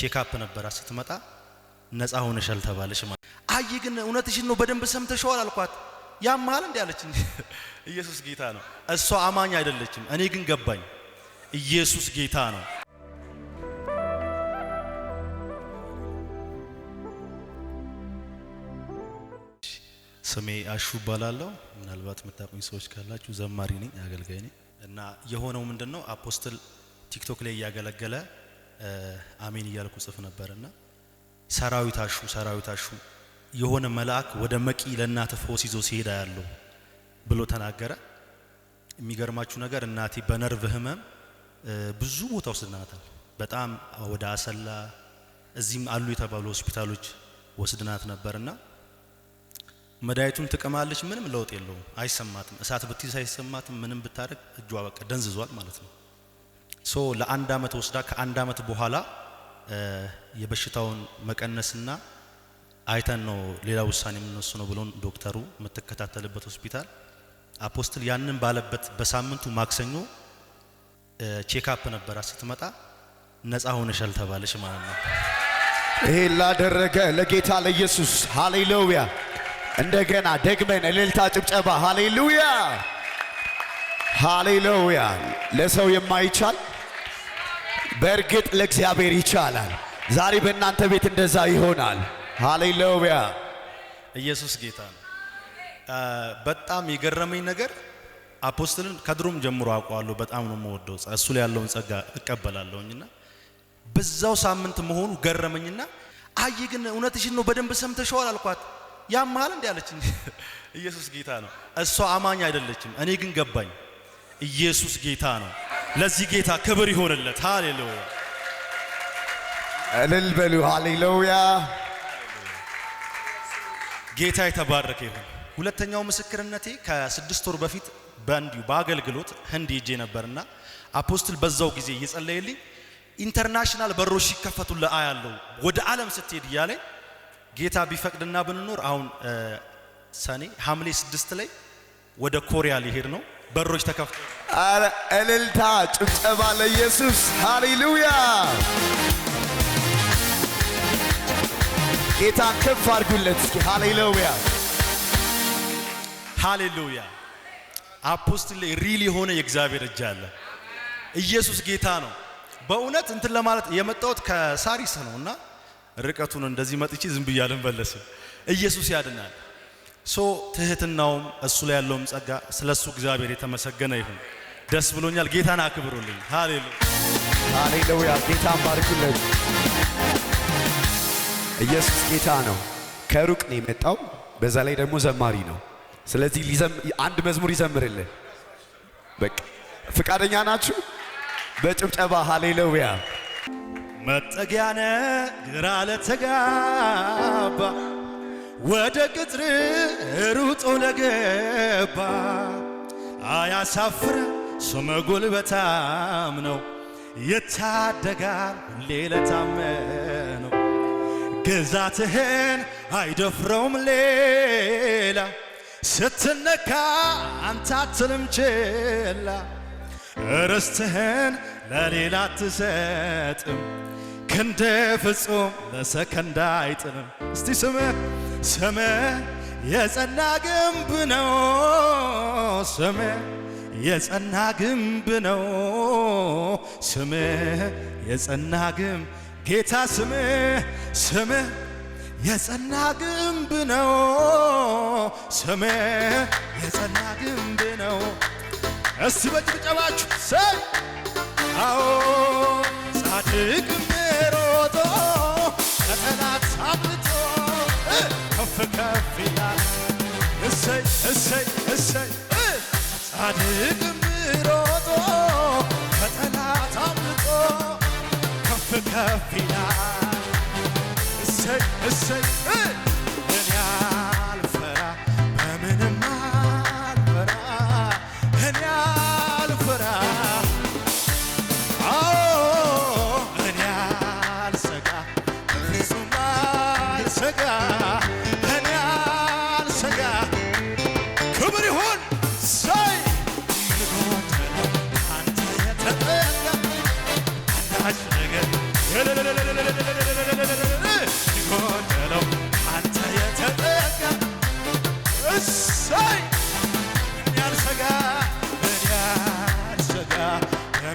ቼክአፕ ነበራት ስትመጣ ነፃ ሆነሻል ተባለሽ። ማለት አይ ግን እውነትሽን ነው በደንብ ሰምተሽዋል አልኳት። ያማል እንዲ አለች። ኢየሱስ ጌታ ነው። እሷ አማኝ አይደለችም። እኔ ግን ገባኝ፣ ኢየሱስ ጌታ ነው። ስሜ አሹ እባላለሁ። ምናልባት የምታቁኝ ሰዎች ካላችሁ ዘማሪ ነኝ፣ አገልጋይ ነኝ እና የሆነው ምንድን ነው አፖስትል ቲክቶክ ላይ እያገለገለ አሜን እያልኩ ጽፍ ነበር ሰራዊታሹ ሰራዊታሹ የሆነ መልአክ ወደ መቂ ለእናት ፈውስ ይዞ ሲሄዳ ያለው ብሎ ተናገረ። የሚገርማችሁ ነገር እናቴ በነርቭ ህመም ብዙ ቦታ ወስድናታል። በጣም ወደ አሰላ እዚህም አሉ የተባሉ ሆስፒታሎች ወስድናት ነበርና መድኃኒቱን ትቀማለች፣ ምንም ለውጥ የለውም፣ አይሰማትም። እሳት ብትይዝ አይሰማትም፣ ምንም ብታደርግ እጇ በቃ ደንዝዟል ማለት ነው። ሶ ለአንድ አመት ወስዳ ከአንድ አመት በኋላ የበሽታውን መቀነስና አይተን ነው ሌላ ውሳኔ የምንወሱ ነው ብሎን ዶክተሩ የምትከታተልበት ሆስፒታል አፖስትል ያንን ባለበት በሳምንቱ ማክሰኞ ቼክአፕ ነበራ። ስትመጣ ነፃ ሆነሻል ተባለች ማለት ነው። ይሄ ላደረገ ለጌታ ለኢየሱስ ሃሌሉያ! እንደገና ደግመን እልልታ፣ ጭብጨባ! ሃሌሉያ! ሃሌሉያ! ለሰው የማይቻል በእርግጥ ለእግዚአብሔር ይቻላል። ዛሬ በእናንተ ቤት እንደዛ ይሆናል። ሃሌሉያ! ኢየሱስ ጌታ ነው። በጣም የገረመኝ ነገር አፖስትልን ከድሮም ጀምሮ አውቀዋለሁ። በጣም ነው የምወደው። እሱ ላይ ያለውን ጸጋ እቀበላለሁኝና በዛው ሳምንት መሆኑ ገረመኝና አይ ግን እውነትሽን ነው በደንብ ሰምተሽዋል አልኳት። ያማል እንዲ ያለች ኢየሱስ ጌታ ነው። እሷ አማኝ አይደለችም። እኔ ግን ገባኝ። ኢየሱስ ጌታ ነው። ለዚህ ጌታ ክብር ይሆንለት። ሃሌሉያ እልል በሉ ሃሌሉያ። ጌታ የተባረከ ይሁን። ሁለተኛው ምስክርነቴ ከስድስት ወር በፊት በእንዲሁ በአገልግሎት ህንድ ሄጄ ነበርና አፖስትል በዛው ጊዜ እየጸለየልኝ ኢንተርናሽናል በሮች ሲከፈቱ አያለው ወደ ዓለም ስትሄድ እያለኝ ጌታ ቢፈቅድና ብንኖር አሁን ሰኔ ሐምሌ ስድስት ላይ ወደ ኮሪያ ሊሄድ ነው። በሮች ተከፍቶ አረ እልልታ ጭብጨባ ለኢየሱስ ሃሌሉያ! ጌታ ከፍ አድርጉለት እስኪ። ሃሌሉያ ሃሌሉያ! አፖስትል ላይ ሪል የሆነ የእግዚአብሔር እጅ አለ። ኢየሱስ ጌታ ነው። በእውነት እንትን ለማለት የመጣሁት ከሳሪስ ነው እና ርቀቱን እንደዚህ መጥቼ ዝም ብያ አልመለስም። ኢየሱስ ያድናል። ሶ ትህትናውም እሱ ላይ ያለውም ጸጋ ስለ እሱ እግዚአብሔር የተመሰገነ ይሁን። ደስ ብሎኛል። ጌታን አክብሩልኝ። ሃሌሉያ ሃሌሉያ። ጌታን ባርኩልኝ። ኢየሱስ ጌታ ነው። ከሩቅ ነው የመጣው። በዛ ላይ ደግሞ ዘማሪ ነው። ስለዚህ አንድ መዝሙር ይዘምርልን። በቃ ፍቃደኛ ናችሁ? በጭብጨባ ሃሌሉያ። መጠጊያነ ግራ ለተጋባ ወደ ቅጥር ሩጦ ለገባ አያሳፍር ስመ ጉልበታም ነው፣ ይታደጋል ሁሌ ለታመነው። ግዛትህን አይደፍረውም ሌላ፣ ስትነካ አንተ አትልም ችላ። ርስትህን ለሌላ አትሰጥም፣ ክንደ ፍጹም ለሰከንዳ አይጥልም። እስቲ ስምህ ስምህ የጸና ግንብ ነው ስምህ የጸና ግንብ ነው ስም የጸና ግንብ ጌታ ስም ስም የጸና ግንብ ነው ስም የጸና ግንብ ነው። እስቲ በጭብጨባችሁ ሰይ አዎ ጻድቅ ሮጦ ከጠላት አምልጦ final.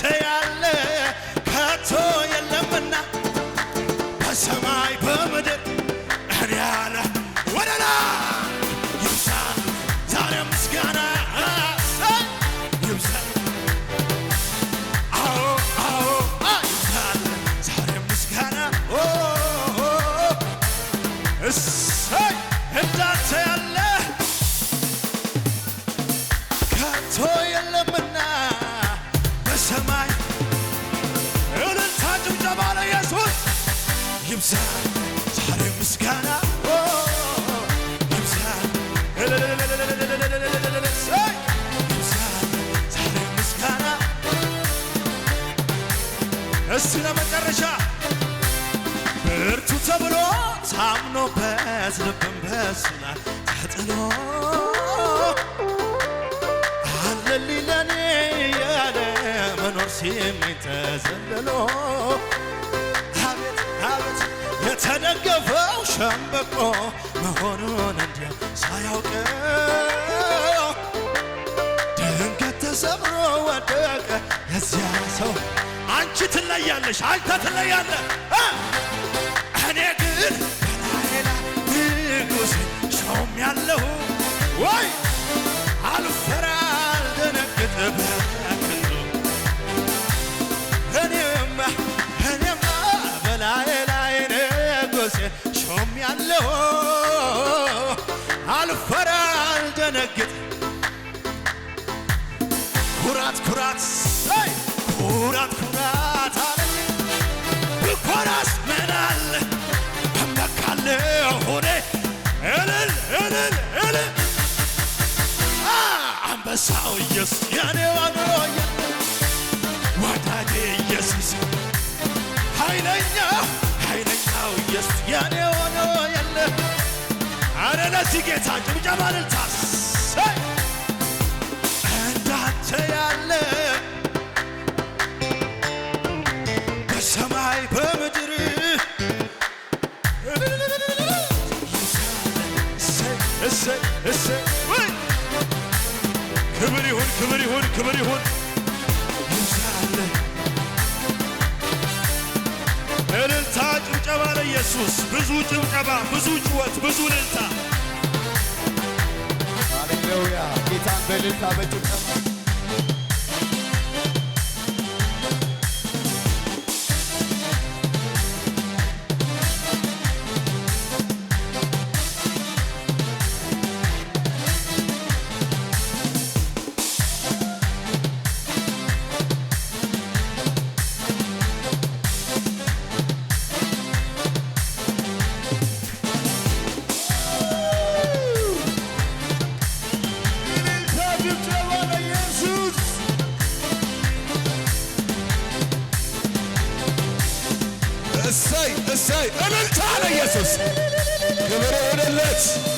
Say I ይብዛ ዛሬው ምስጋና ይብዛ ምስጋና እስቲ ለመጨረሻ ብርቱ ተብሎ ታምኖበት ልብን በስና ተጥሎ አለሊለኔ ያለ መኖር ሲሜ ተዘልሎ የደገፈው ሸምበቆ መሆኑን እንዲያ ሳያውቀው ድንገት ተሰብሮ ወደቀ የዚያ ሰው። አንቺ ትለያለሽ፣ አንተ ትለያለህ። እኔ ግን ሌላ ንጉሥ ሾም ያለሁ ወይ ሲያፈነግጥ ኩራት ኩራት ኩራት ኩራት አለ ብኮራስ ምናለ እመካለ ሆነ እልል እልል እልል አንበሳው ኢየሱስ የኔ ዋኖ ወዳጄ ኢየሱስ ኃይለኛ ኃይለኛው ኢየሱስ የኔ ሆኖ የለ አረ ለዚህ ጌታ ጭብጨባ እልልታስ እንዳንተ ያለ በሰማይ በምድር ክብር ይሁን ክብር ይሁን ክብር ይሁን እልልታ ጭብጨባ ለኢየሱስ ብዙ ጭብጨባ ብዙ ጭወት ብዙ እልልታ ሃሌሉያ ጌታን በልልታ በጭብጨባ እልልታ ለኢየሱስ ክብር ይሁንለት።